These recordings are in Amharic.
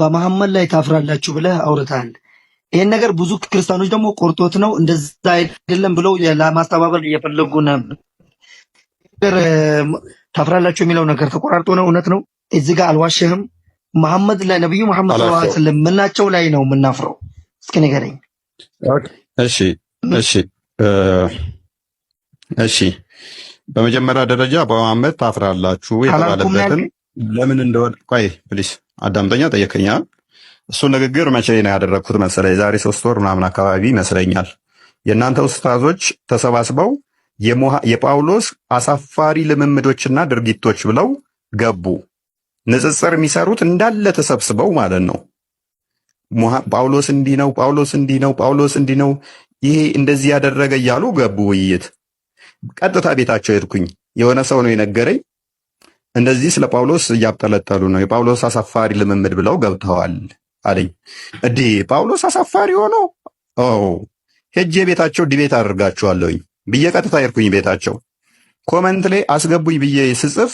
በመሐመድ ላይ ታፍራላችሁ ብለህ አውርታል። ይህን ነገር ብዙ ክርስቲያኖች ደግሞ ቆርጦት ነው እንደዛ አይደለም ብለው ለማስተባበል እየፈለጉ ነበር። ታፍራላችሁ የሚለው ነገር ተቆራርጦ ነው። እውነት ነው። እዚህ ጋር አልዋሸህም። መሐመድ ላይ ነቢዩ መሐመድ ሰለላሁ ዐለይሂ ወሰለም ምናቸው ላይ ነው የምናፍረው? እስኪ ንገረኝ። እሺ፣ እሺ፣ እሺ። በመጀመሪያ ደረጃ በመሐመድ ታፍራላችሁ የተባለበትን ለምን እንደሆነ ቆይ ፕሊስ አዳምጠኛ ጠየቀኛ። እሱን ንግግር መቼ ነው ያደረግኩት መሰለ የዛሬ ሶስት ወር ምናምን አካባቢ ይመስለኛል። የእናንተ ውስታዞች ተሰባስበው የጳውሎስ አሳፋሪ ልምምዶችና ድርጊቶች ብለው ገቡ። ንጽጽር የሚሰሩት እንዳለ ተሰብስበው ማለት ነው። ጳውሎስ እንዲህ ነው፣ ጳውሎስ እንዲህ ነው፣ ጳውሎስ እንዲህ ነው፣ ይሄ እንደዚህ ያደረገ እያሉ ገቡ ውይይት። ቀጥታ ቤታቸው ሄድኩኝ። የሆነ ሰው ነው የነገረኝ። እንደዚህ ስለ ጳውሎስ እያብጠለጠሉ ነው። የጳውሎስ አሳፋሪ ልምምድ ብለው ገብተዋል አለኝ። እዲ ጳውሎስ አሳፋሪ ሆኖ ሄጄ ቤታቸው ዲቤት አድርጋችኋለሁኝ ብዬ ቀጥታ ሄድኩኝ ቤታቸው። ኮመንት ላይ አስገቡኝ ብዬ ስጽፍ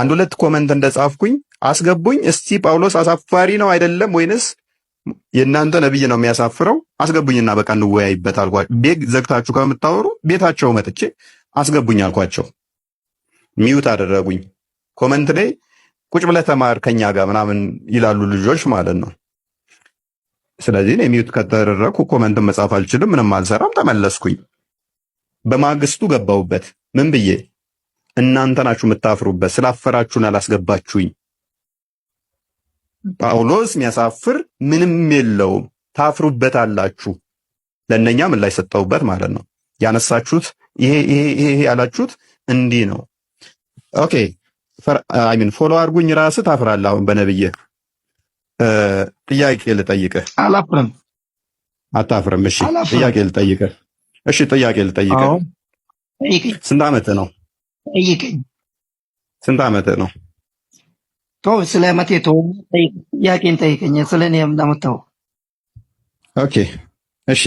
አንድ ሁለት ኮመንት እንደጻፍኩኝ አስገቡኝ። እስቲ ጳውሎስ አሳፋሪ ነው አይደለም ወይንስ የእናንተ ነብይ ነው የሚያሳፍረው? አስገቡኝና በቃ እንወያይበት አልኳቸው። ቤት ዘግታችሁ ከምታወሩ ቤታቸው መጥቼ አስገቡኝ አልኳቸው። ሚዩት አደረጉኝ። ኮመንት ላይ ቁጭ ብለህ ተማር ከኛ ጋር ምናምን ይላሉ ልጆች ማለት ነው። ስለዚህ እኔ ሚዩት ከተደረግኩ ኮመንትን መጻፍ አልችልም፣ ምንም አልሰራም። ተመለስኩኝ። በማግስቱ ገባሁበት። ምን ብዬ እናንተ ናችሁ የምታፍሩበት፣ ስላፈራችሁን አላስገባችሁኝ። ጳውሎስ የሚያሳፍር ምንም የለውም፣ ታፍሩበት አላችሁ። ለእነኛ ምን ላይ ሰጠሁበት ማለት ነው። ያነሳችሁት ይሄ ይሄ ይሄ ያላችሁት እንዲህ ነው ኦኬ አይ ሚን ፎሎ አድርጉኝ። ራስ ታፍራለህ። አሁን በነብዬ ጥያቄ ልጠይቅህ። አላፍርም። አታፍርም? እሺ ጥያቄ ልጠይቅህ። እሺ ጥያቄ ልጠይቅህ። ስንት ዓመትህ ነው? ጠይቀኝ። ስንት ዓመትህ ነው? ተው፣ ስለ ዓመቴ ተው። ጥያቄን ጠይቀኝ። ስለ እኔ ምናምን ተው። ኦኬ እሺ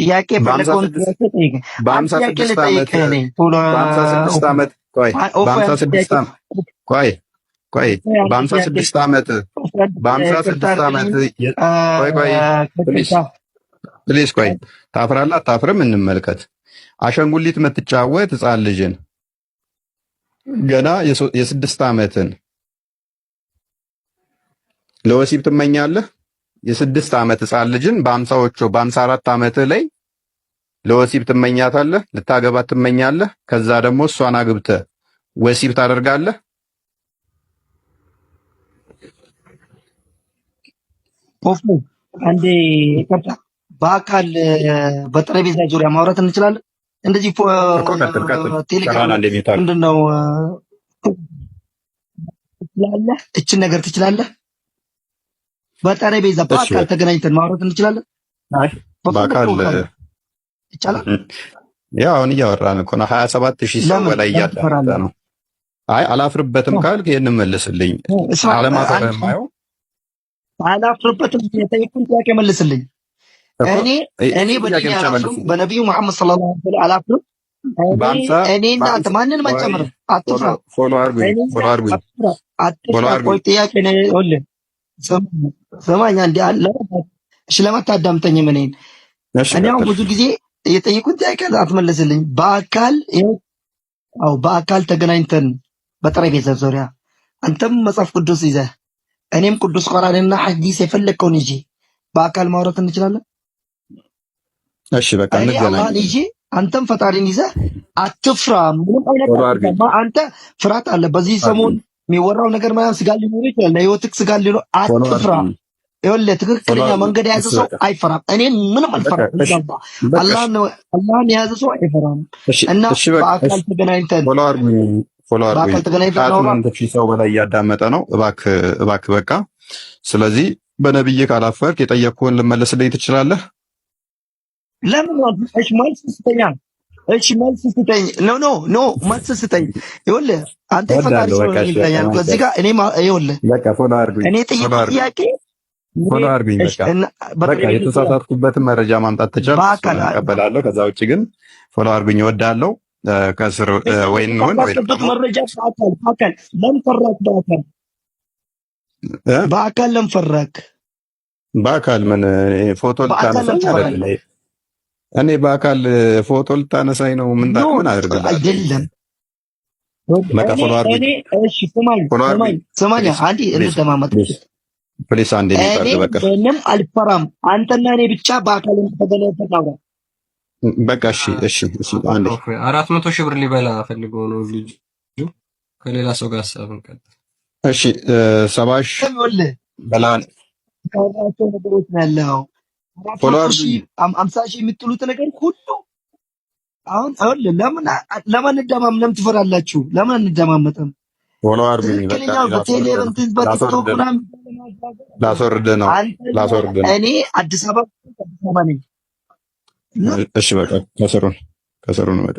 ጥያቄ በሀምሳ ስድስት ዓመት በሀምሳ ስድስት ዓመት ቆይ ቆይ ቆይ እንመልከት። አሻንጉሊት የምትጫወት ህፃን ልጅን ገና የስድስት ዓመትን ለወሲብ ትመኛለህ? የስድስት ዓመት ህፃን ልጅን በአምሳዎቹ በአምሳ አራት ዓመትህ ላይ ለወሲብ ትመኛታለህ፣ ልታገባት ትመኛለህ። ከዛ ደግሞ እሷን አግብተ ወሲብ ታደርጋለህ። ኦፍ አንዴ ይቅርታ፣ በአካል በጠረጴዛ ዙሪያ ማውራት እንችላለን። እንደዚህ ቴሌግራም ምንድን ነው ትችላለህ፣ እችን ነገር ትችላለህ በጠረጴዛ በአካል ተገናኝተን ማውራት እንችላለን። በአካል ይቻላል። ያው አሁን እያወራን እኮ ነው። ሀያ ሰባት ሺህ ሰው በላይ እያለ ነው። አይ አላፍርበትም ካልክ ይህን መልስልኝ። አለማፈር የማየው አላፍርበትም ጥያቄ መልስልኝ። እኔ በነቢዩ መሐመድ ሰለላሁ ዐለይሂ ወሰለም አላፍርም። ማንንም አትፍራ። ፎሎ አድርጉኝ። ፎሎ አድርጉኝ። ጥያቄ ነው። ይኸውልህ በማኛ እንዲ እሺ፣ ለማታዳምጠኝ ምን እኔ አሁን ብዙ ጊዜ የጠየቁን ጥያቄ አትመለስልኝ። በአካል አዎ፣ በአካል ተገናኝተን በጠረጴዛ ዙሪያ አንተም መጽሐፍ ቅዱስ ይዘ እኔም ቅዱስ ቁርአንና ሐዲስ የፈለግከውን ይዤ በአካል ማውራት እንችላለን። እሺ፣ በቃ እንገናኝ ይዤ አንተም ፈጣሪን ይዘ አትፍራ። ምንም አይነት አንተ ፍርሃት አለ። በዚህ ሰሞን የሚወራው ነገር ምናምን ስጋ ሊኖር ይችላል። ለህይወትክ ስጋ ሊኖር አትፍራ። ይኸውልህ ትክክለኛ መንገድ የያዘ ሰው አይፈራም። እኔ ምንም አልፈራም። አላህን የያዘ ሰው አይፈራም። እና በአካል ተገናኝተን በአካል ተገናኝተን ሰው በላይ እያዳመጠ ነው። እባክህ እባክህ፣ በቃ ስለዚህ በነብይ ካላፈርክ የጠየቅኩህን ልመለስልኝ ትችላለህ? ለምን እሺ፣ መልስ ስጠኝ። እሺ፣ መልስ ስጠኝ። ኖ ኖ ኖ፣ መልስ ስጠኝ። ይኸውልህ አንተ ፈቃድ ሰው ነው። ከዚህ ጋር እኔ ይኸውልህ እኔ ጥያቄ ሆኖ አርጉኝ። በቃ የተሳሳትኩበትን መረጃ ማምጣት ተቻለ እቀበላለሁ። ከዛ ውጭ ግን ፎሎ አርጉኝ እወዳለሁ። ከስር ወይ እንሆን በአካል ለምፈራክ በአካል ምን ፎቶ ልታነሳኝ እኔ በአካል ፎቶ ልታነሳኝ ነው? ምን ምን አድርግልህ አይደለም። በቃ ፎሎ አርጉኝ። ስማኝ ስማኝ፣ አንዴ እንተማመጥ ፕሊስ አንድ ምንም አልፈራም። አንተና እኔ ብቻ በአካል ተገናኝተን በቃ እሺ፣ እሺ፣ እሺ። አንድ አራት መቶ ሺህ ብር ሊበላ ፈልጎ ነው ልጅ ከሌላ ሰው ጋር ሀሳብን ቀጥ። እሺ፣ ሰባሽ በላን ያላቸው ነገሮች ያለው አምሳ ሺህ የምትሉት ነገር ሁሉ አሁን አሁን ለምን ለማን እንደማም ለምን ትፈራላችሁ? ለማን እንደማመጠም ወላሂ አርቢ በቃ ላስወርድ ነው ላስወርድ ነው። እኔ አዲስ አበባ ነኝ። እሺ በቃ ከሰሩን ከሰሩን በቃ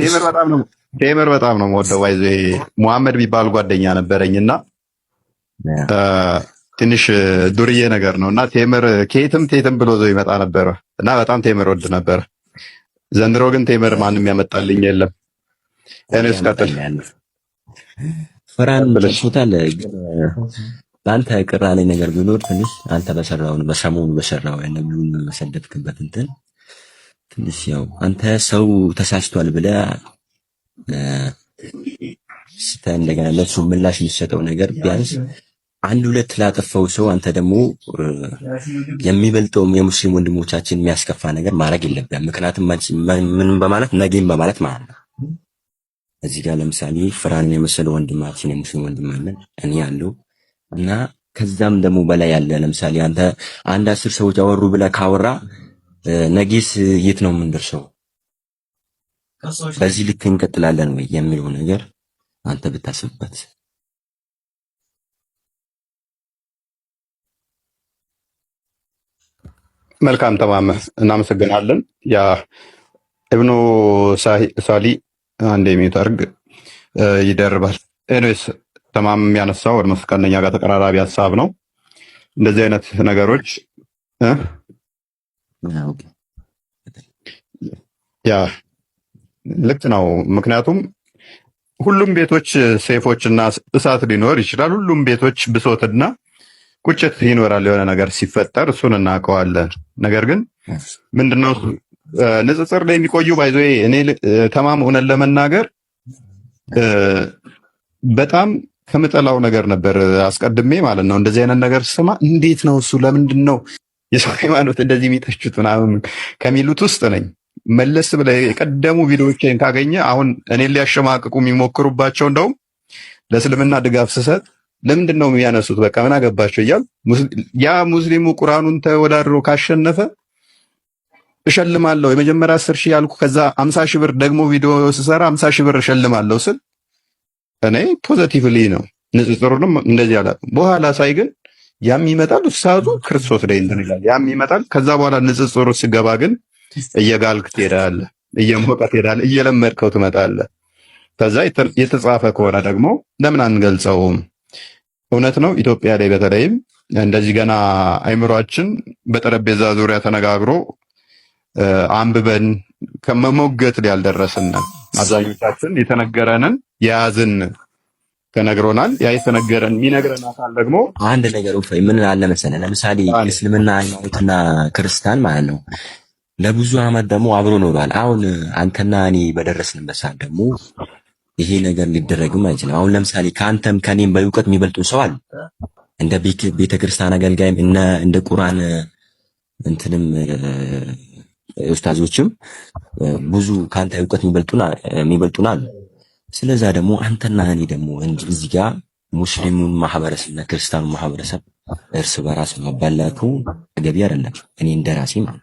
ቴምር በጣም ነው ቴምር በጣም ነው የምወደው። ዘይ ሙሐመድ የሚባል ጓደኛ ነበረኝ እና ትንሽ ዱርዬ ነገር ነው እና ቴምር ከየትም ቴትም ብሎ ዘው ይመጣ ነበረ እና በጣም ቴምር ወድ ነበረ። ዘንድሮ ግን ቴምር ማንም ያመጣልኝ የለም። እኔስ ቀጥል ፍራን ብለሽታል። በአንተ ቅራኔ ነገር ቢኖር ትንሽ አንተ በሰራውን በሰሞኑ በሰራው ነብዩን በሰደብክበት እንትን ትንሽ ያው አንተ ሰው ተሳስቷል ብለ ስተ እንደገና ለሱ ምላሽ የሚሰጠው ነገር ቢያንስ አንድ ሁለት ላጠፋው ሰው አንተ ደግሞ የሚበልጠውም የሙስሊም ወንድሞቻችን የሚያስከፋ ነገር ማድረግ የለብህም። ምክንያቱም ምንም በማለት ነገም በማለት ማለት ነው እዚህ ጋር ለምሳሌ ፍራን የመሰለ ወንድማችን የሙስሊም ወንድማለን እኔ ያለው እና ከዛም ደግሞ በላይ ያለ ለምሳሌ አንተ አንድ አስር ሰዎች አወሩ ብለህ ካወራ ነጌስ የት ነው የምንደርሰው? በዚህ ልክ እንቀጥላለን ወይ የሚለው ነገር አንተ ብታስብበት። መልካም ተማመ፣ እናመሰግናለን። ያ ኢብኑ ሳሊ አንድ የሚዩት ይደርባል። ኤኒዌይስ ተማም ያነሳው ወደ መስቀለኛ ጋር ተቀራራቢ ሀሳብ ነው። እንደዚህ አይነት ነገሮች ያ ልክ ነው። ምክንያቱም ሁሉም ቤቶች ሴፎች እና እሳት ሊኖር ይችላል። ሁሉም ቤቶች ብሶትና ቁጭት ይኖራል። የሆነ ነገር ሲፈጠር እሱን እናውቀዋለን። ነገር ግን ምንድነው ንጽጽር ላይ የሚቆዩ ባይዞ እኔ ተማም እውነት ለመናገር በጣም ከምጠላው ነገር ነበር አስቀድሜ ማለት ነው። እንደዚህ አይነት ነገር ስማ እንዴት ነው እሱ ለምንድን ነው የሰው ሃይማኖት እንደዚህ የሚጠቹት ምናምን ከሚሉት ውስጥ ነኝ። መለስ ብለ የቀደሙ ቪዲዮዎችን ካገኘ አሁን እኔን ሊያሸማቅቁ የሚሞክሩባቸው እንደውም ለእስልምና ድጋፍ ስሰጥ ለምንድን ነው የሚያነሱት በቃ ምን አገባቸው ያ ሙስሊሙ ቁርአኑን ተወዳድሮ ካሸነፈ እሸልማለሁ የመጀመሪያ አስር ሺህ ያልኩ ከዛ አምሳ ሺህ ብር ደግሞ ቪዲዮ ስሰራ አምሳ ሺህ ብር እሸልማለሁ ስል እኔ ፖዘቲቭሊ ነው ንጽጽሩንም እንደዚህ ያላ በኋላ ሳይ ግን ያም ይመጣል ውሳቱ ክርስቶስ ላይ እንትን ይላል ያም ይመጣል ከዛ በኋላ ንጽጽሩ ስገባ ግን እየጋልክ ትሄዳለህ እየሞቀ ትሄዳለህ እየለመድከው ትመጣለህ ከዛ የተጻፈ ከሆነ ደግሞ ለምን አንገልጸውም እውነት ነው ኢትዮጵያ ላይ በተለይም እንደዚህ ገና አይምሯችን በጠረጴዛ ዙሪያ ተነጋግሮ አንብበን ከመሞገት ያልደረስን አብዛኞቻችን የተነገረንን የያዝን ተነግሮናል። ያ የተነገረን የሚነግረን አካል ደግሞ አንድ ነገር እፎይ ምን ላለ መሰለ ለምሳሌ እስልምና ሃይማኖትና ክርስቲያን ማለት ነው ለብዙ አመት ደግሞ አብሮ ኖሯል። አሁን አንተና እኔ በደረስንበት ሰዓት ደግሞ ይሄ ነገር ሊደረግም አይችልም። አሁን ለምሳሌ ከአንተም ከኔም በእውቀት የሚበልጡ ሰው አለ እንደ ቤተክርስቲያን አገልጋይም እንደ ቁርአን እንትንም ኡስታዞችም ብዙ ከአንተ እውቀት የሚበልጡን አሉ። ስለዛ ደግሞ አንተና እኔ ደግሞ እዚህ ጋር ሙስሊሙን እና ክርስቲያኑ ማህበረሰብ እርስ በራስ መበላቱ ተገቢ አይደለም። እኔ እንደራሴ ማለት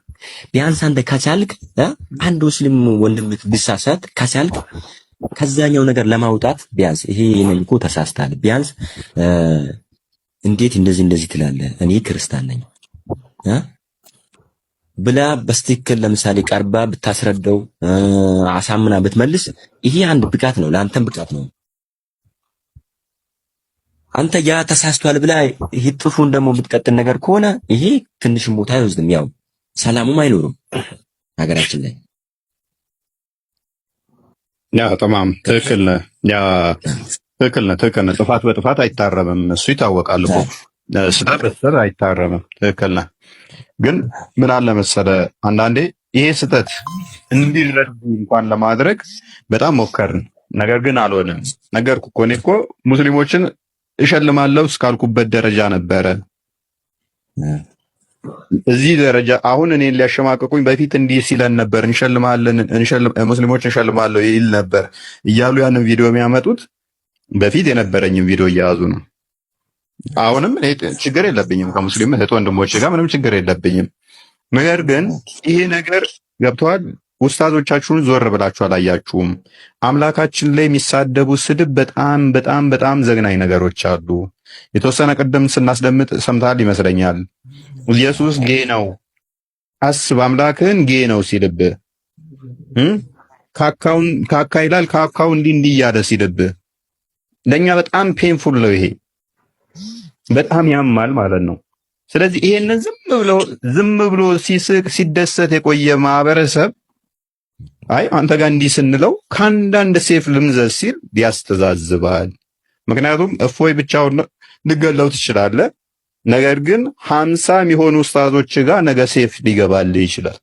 ቢያንስ አንተ ከቻልክ አንድ ሙስሊም ወንድም ብሳሳት ከቻልክ ከዛኛው ነገር ለማውጣት ቢያንስ ይሄ ነኝ እኮ ተሳስታል፣ ቢያንስ እንዴት እንደዚህ እንደዚህ ትላለህ? እኔ ክርስቲያን ነኝ ብላ በስትክክል ለምሳሌ ቀርባ ብታስረዳው አሳምና ብትመልስ ይሄ አንድ ብቃት ነው፣ ለአንተም ብቃት ነው። አንተ ያ ተሳስቷል ብላ ይሄ ጥፉን ደግሞ የምትቀጥል ነገር ከሆነ ይሄ ትንሽም ቦታ አይወስድም፣ ያው ሰላሙም አይኖርም ሀገራችን ላይ። ያ ተማም ትክክል ነህ፣ ያ ትክክል ነህ፣ ትክክል ነህ። ጥፋት በጥፋት አይታረምም፣ እሱ ይታወቃል እኮ ስለ አይታረምም። ትክክል ነህ። ግን ምን አለ መሰለ አንዳንዴ ይሄ ስህተት እንዲረዱ እንኳን ለማድረግ በጣም ሞከርን፣ ነገር ግን አልሆነም። ነገርኩ እኮ እኔ እኮ ሙስሊሞችን እሸልማለሁ እስካልኩበት ደረጃ ነበረ። እዚህ ደረጃ አሁን እኔን ሊያሸማቀቁኝ በፊት እንዲህ ሲለን ነበር፣ እንሸልማለን፣ ሙስሊሞች እንሸልማለሁ ይል ነበር እያሉ ያንን ቪዲዮ የሚያመጡት በፊት የነበረኝም ቪዲዮ እየያዙ ነው አሁንም እኔ ችግር የለብኝም ከሙስሊም እህት ወንድሞች ጋር ምንም ችግር የለብኝም። ነገር ግን ይሄ ነገር ገብተዋል። ውስታዞቻችሁን ዞር ብላችሁ አላያችሁም። አምላካችን ላይ የሚሳደቡ ስድብ በጣም በጣም በጣም ዘግናኝ ነገሮች አሉ። የተወሰነ ቅድም ስናስደምጥ ሰምታል ይመስለኛል። ኢየሱስ ጌ ነው አስብ፣ አምላክህን ጌ ነው ሲልብ ካካውን ካካ ይላል ካካው እንዲህ እንዲህ እያለ ሲልብ ለእኛ በጣም ፔንፉል ነው ይሄ በጣም ያማል ማለት ነው። ስለዚህ ይሄንን ዝም ብሎ ዝም ብሎ ሲስቅ ሲደሰት የቆየ ማህበረሰብ አይ አንተ ጋር እንዲህ ስንለው ከአንዳንድ ሴፍ ልምዘዝ ሲል ያስተዛዝባል። ምክንያቱም እፎይ ብቻውን ልገለው ትችላለህ። ነገር ግን ሀምሳ የሚሆኑ ኡስታዞች ጋር ነገ ሴፍ ሊገባልህ ይችላል።